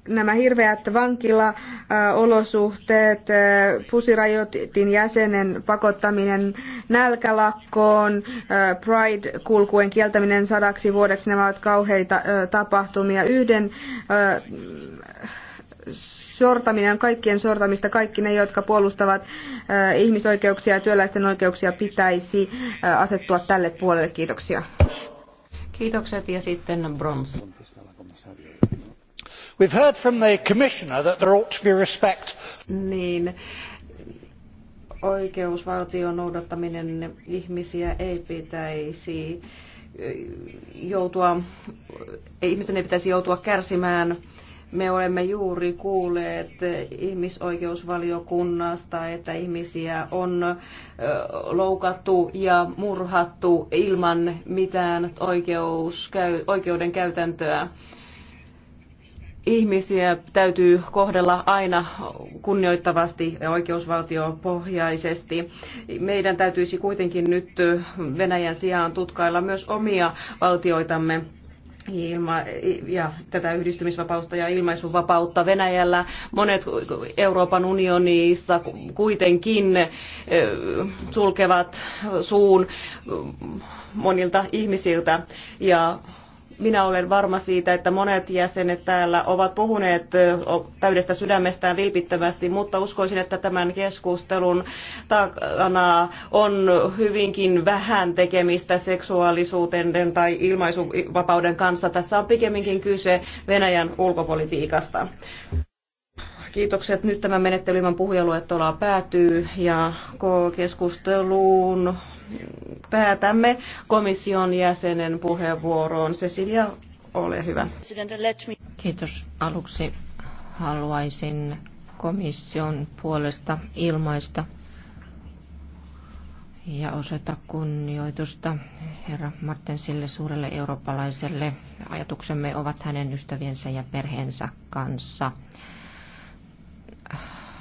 [SPEAKER 2] nämä hirveät vankilaolosuhteet, pusirajoitin jäsenen pakottaminen nälkälakkoon, Pride-kulkuen kieltäminen sadaksi vuodeksi, nämä ovat kauheita tapahtumia. Yhden sortaminen on kaikkien sortamista. Kaikki ne, jotka puolustavat ihmisoikeuksia ja työläisten oikeuksia, pitäisi asettua tälle puolelle. Kiitoksia.
[SPEAKER 1] Kiitokset ja sitten Broms we have heard from the commissioner that there ought to be respect niin oikeusvaltion noudattaminen ihmisiä ei pitäisi joutua, ihmisten ei pitäisi joutua kärsimään. Me olemme juuri kuulleet ihmisoikeusvaliokunnasta, että ihmisiä on loukattu ja murhattu ilman mitään oikeuskäy, oikeuden käytäntöä ihmisiä täytyy kohdella aina kunnioittavasti ja oikeusvaltiopohjaisesti. Meidän täytyisi kuitenkin nyt Venäjän sijaan tutkailla myös omia valtioitamme ilma, ja tätä yhdistymisvapautta ja ilmaisuvapautta Venäjällä. Monet Euroopan unionissa kuitenkin eh, sulkevat suun monilta ihmisiltä ja minä olen varma siitä, että monet jäsenet täällä ovat puhuneet täydestä sydämestään vilpittävästi, mutta uskoisin, että tämän keskustelun takana on hyvinkin vähän tekemistä seksuaalisuuden tai ilmaisuvapauden kanssa. Tässä on pikemminkin kyse Venäjän ulkopolitiikasta. Kiitokset. Nyt tämä menettely ilman puhujaluetteloa päätyy ja keskusteluun päätämme komission jäsenen puheenvuoroon. Cecilia, ole hyvä. Kiitos. Aluksi
[SPEAKER 4] haluaisin komission puolesta ilmaista ja osoita kunnioitusta herra Martensille suurelle eurooppalaiselle. Ajatuksemme ovat hänen ystäviensä ja perheensä kanssa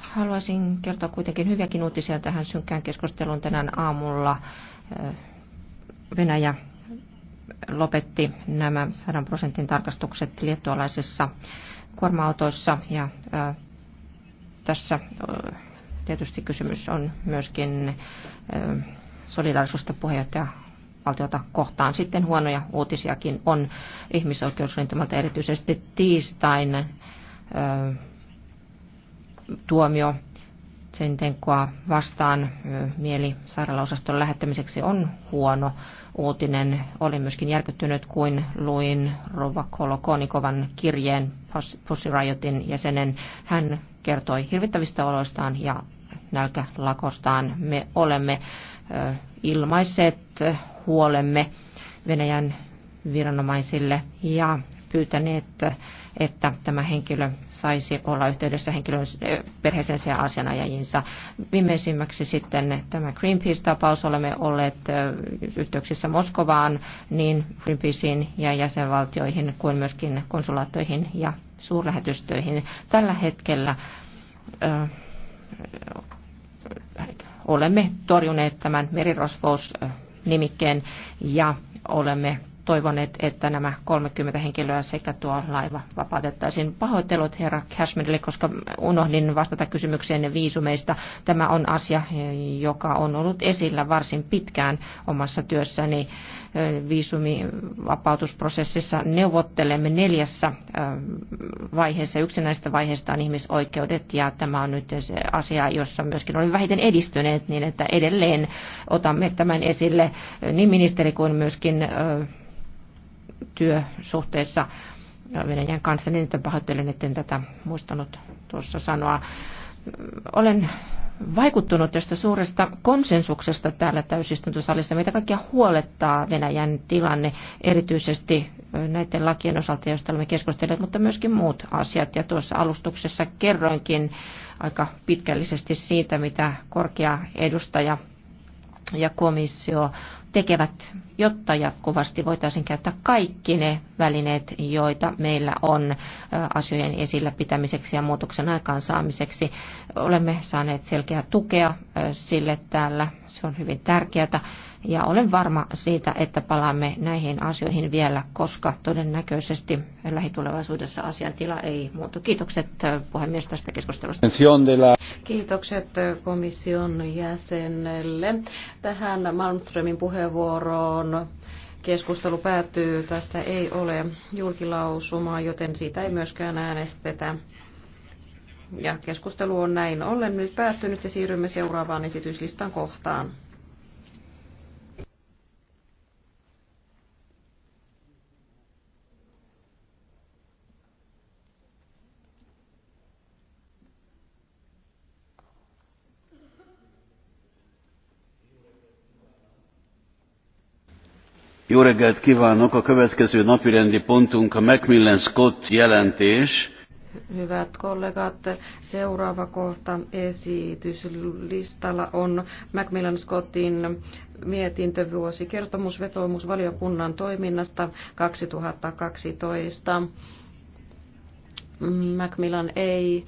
[SPEAKER 4] haluaisin kertoa kuitenkin hyviäkin uutisia tähän synkkään keskusteluun tänään aamulla. Venäjä lopetti nämä 100 prosentin tarkastukset liettualaisissa kuorma-autoissa ja tässä tietysti kysymys on myöskin solidaarisuusta puheenjohtaja valtiota kohtaan. Sitten huonoja uutisiakin on ihmisoikeusrintamalta erityisesti tiistain tuomio Tsentenkoa vastaan mieli sairaalaosaston lähettämiseksi on huono uutinen. Olin myöskin järkyttynyt, kuin luin Rova Kolokonikovan kirjeen Pussy Riotin jäsenen. Hän kertoi hirvittävistä oloistaan ja nälkälakostaan. Me olemme ilmaiset huolemme Venäjän viranomaisille ja pyytäneet että tämä henkilö saisi olla yhteydessä henkilön perheeseensä ja asianajajinsa. Viimeisimmäksi sitten tämä Greenpeace-tapaus. Olemme olleet yhteyksissä Moskovaan niin Greenpeacein ja jäsenvaltioihin kuin myöskin konsulaattoihin ja suurlähetystöihin. Tällä hetkellä olemme torjuneet tämän merirosvous nimikkeen ja olemme toivoneet, että nämä 30 henkilöä sekä tuo laiva vapautettaisiin. Pahoittelut herra Cashmanille, koska unohdin vastata kysymykseen viisumeista. Tämä on asia, joka on ollut esillä varsin pitkään omassa työssäni viisumivapautusprosessissa. Neuvottelemme neljässä äh, vaiheessa. Yksi näistä vaiheista on ihmisoikeudet ja tämä on nyt se asia, jossa myöskin olemme vähiten edistyneet niin, että edelleen otamme tämän esille niin ministeri kuin myöskin äh, työsuhteessa Venäjän kanssa, niin että pahoittelen, en tätä muistanut tuossa sanoa. Olen vaikuttunut tästä suuresta konsensuksesta täällä täysistuntosalissa. Meitä kaikkia huolettaa Venäjän tilanne, erityisesti näiden lakien osalta, joista olemme keskustelleet, mutta myöskin muut asiat. Ja tuossa alustuksessa kerroinkin aika pitkällisesti siitä, mitä korkea edustaja ja komissio tekevät, jotta jatkuvasti voitaisiin käyttää kaikki ne välineet, joita meillä on asioiden esillä pitämiseksi ja muutoksen aikaansaamiseksi. Olemme saaneet selkeää tukea sille täällä, se on hyvin tärkeää ja olen varma siitä, että palaamme näihin asioihin vielä, koska todennäköisesti lähitulevaisuudessa asian tila ei muutu. Kiitokset äh, puhemies tästä keskustelusta.
[SPEAKER 1] Kiitokset äh, komission jäsenelle. Tähän Malmströmin puheenvuoroon keskustelu päättyy. Tästä ei ole julkilausumaa, joten siitä ei myöskään äänestetä. Ja keskustelu on näin ollen nyt päättynyt ja siirrymme seuraavaan esityslistan kohtaan.
[SPEAKER 3] Jó reggelt kívánok! A következő napirendi pontunk a Macmillan Scott jelentés.
[SPEAKER 1] Hyvät kollegat, seuraava kohta esityslistalla on Macmillan Scottin mietintö vuosikertomus valiokunnan toiminnasta 2012. Macmillan ei